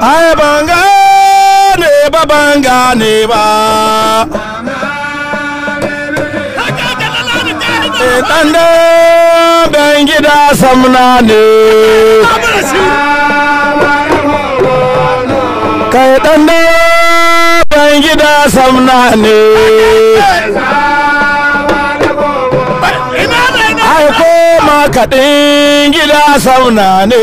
Aye banga ne ba banga ne ba eh, bengi da ban gida samna ne kai bengi da ban gida samna ne Aye ko makaɗin gida samna ne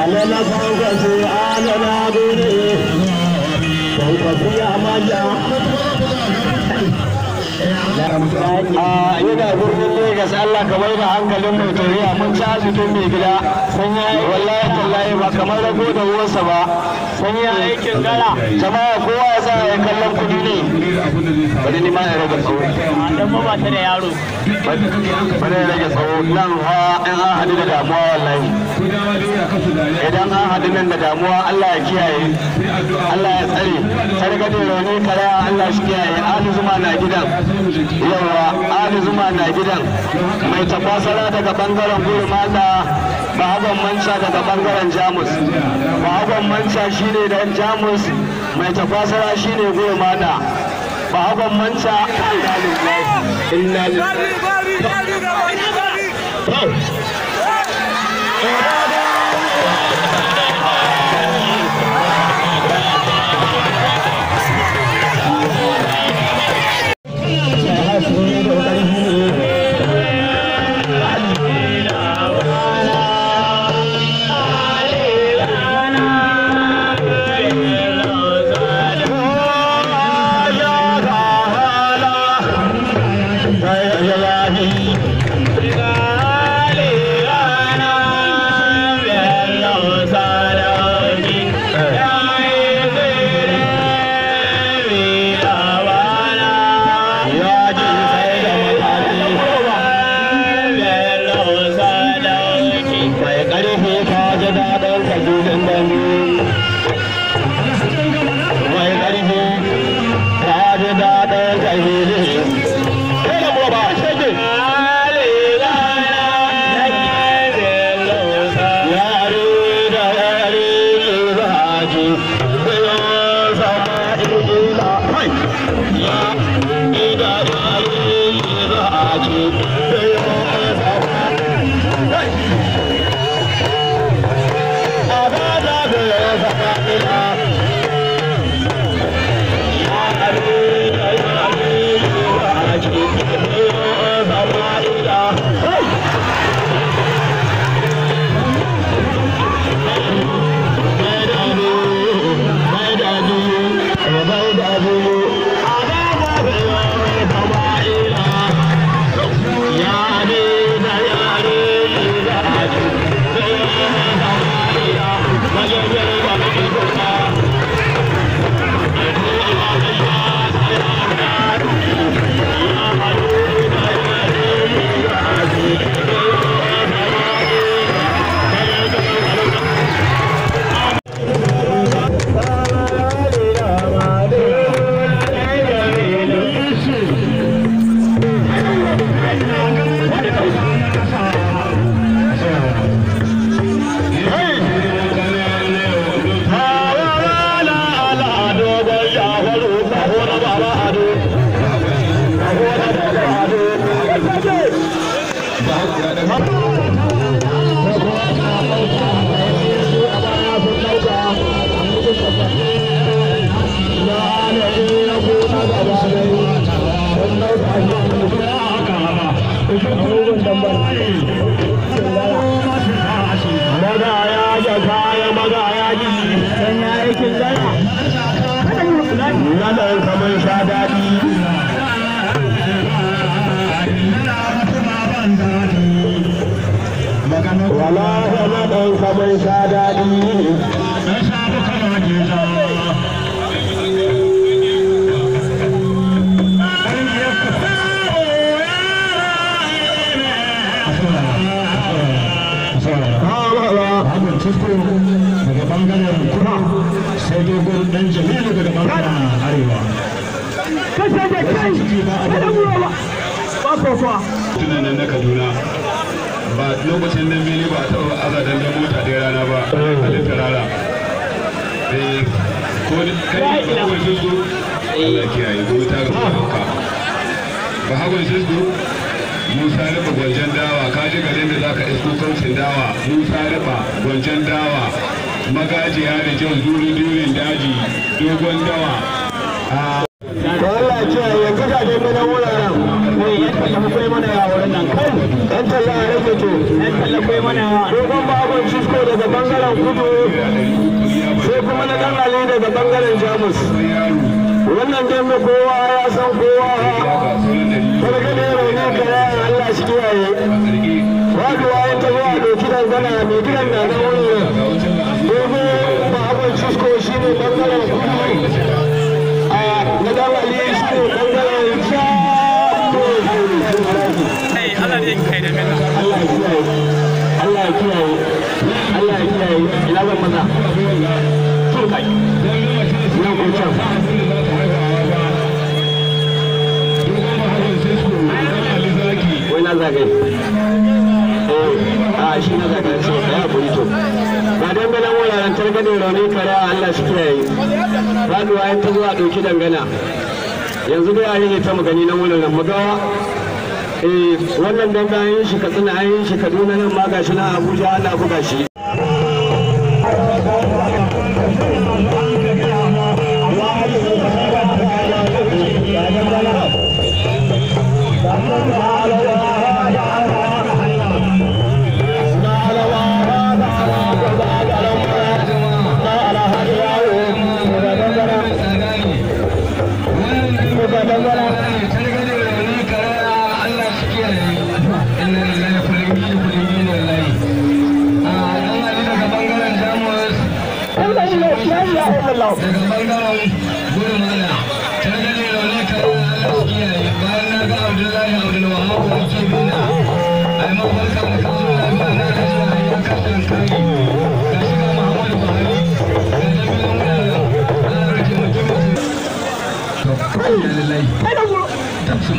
alala kwankwaso alala gode kwankwaso ya manja a yana birnin Legas Allah ka bai da hankalin mai tauriya mun ci arzikin mai gida sun yi wallahi tallahi ba kamar rago da ruwansa ba sun yi aikin gara jama'a kowa ya sa ya kallon kuɗi ne bari ni ma ya rage tsawo dan mu ba ta da yaro bari ya rage tsawo nan ha in an hadu da damuwa wallahi idan an hadu nan da damuwa Allah ya kiyaye Allah ya tsare sargadin rauni kara Allah shi kiyaye ahli zuma na gidan yawa ali zuma na gidan mai tafasara daga bangaren gurmada bahagon manca daga bangaren jamus bahagon manca shine dan jamus mai tafasara shine gurmada bahagon manca sha daɗi wala na ɗan kamar sha daɗi daga bangaren kuna sai dogon ɗan jami'a daga bangaren arewa kashe da kai kada gurwa ba kofa tunanin na kaduna ba lokacin nan bene ba a taɓa azadan da mota ɗaya rana ba a littarara ko kai ba hagun sun Allah kiyaye gobe ta rufe hauka ba hagun sun zo musa rufe gwanjan dawa ka ji garin da zaka isko kaucin dawa musa rufe gwanjan dawa magajiya da jan zuri durin daji dogon dawa daga bangaren jamus wannan dambe kowa ya san kowa fargade rauni ka yaran allah shi kiyaye faduwa ya ta zuwa doki dangana mai gidan na na wani domin mahaifin cisco shi ne bangaren kudu a nadan na zagaye eh, a shi na zagaye so ka ya kuri to ba dan ganin wuraren targaɗin rauni kare a Allah shi kiyaye faduwa ya ta zuwa ɗauki dangana yanzu dai ayi ne ta mu gani nan wuraren magawa eh wannan dan bayan shi katsina an yi shi kaduna nan ma gashi na abuja Allah buga shi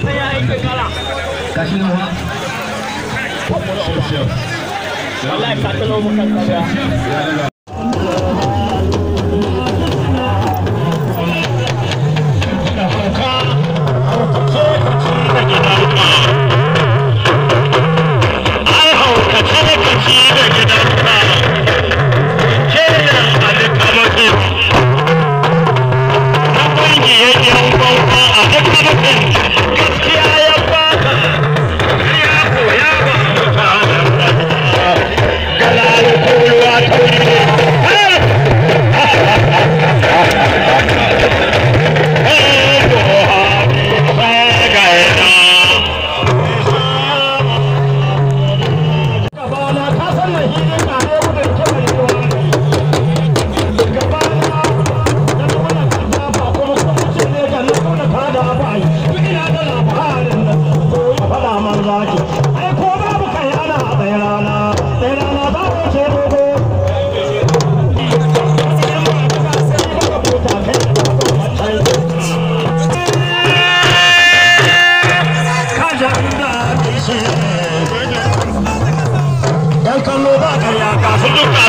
gashi gashi na wa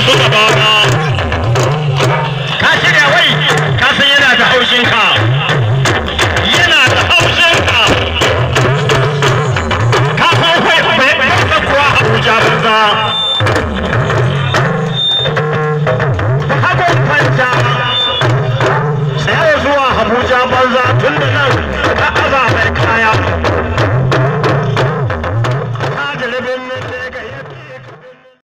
Baba.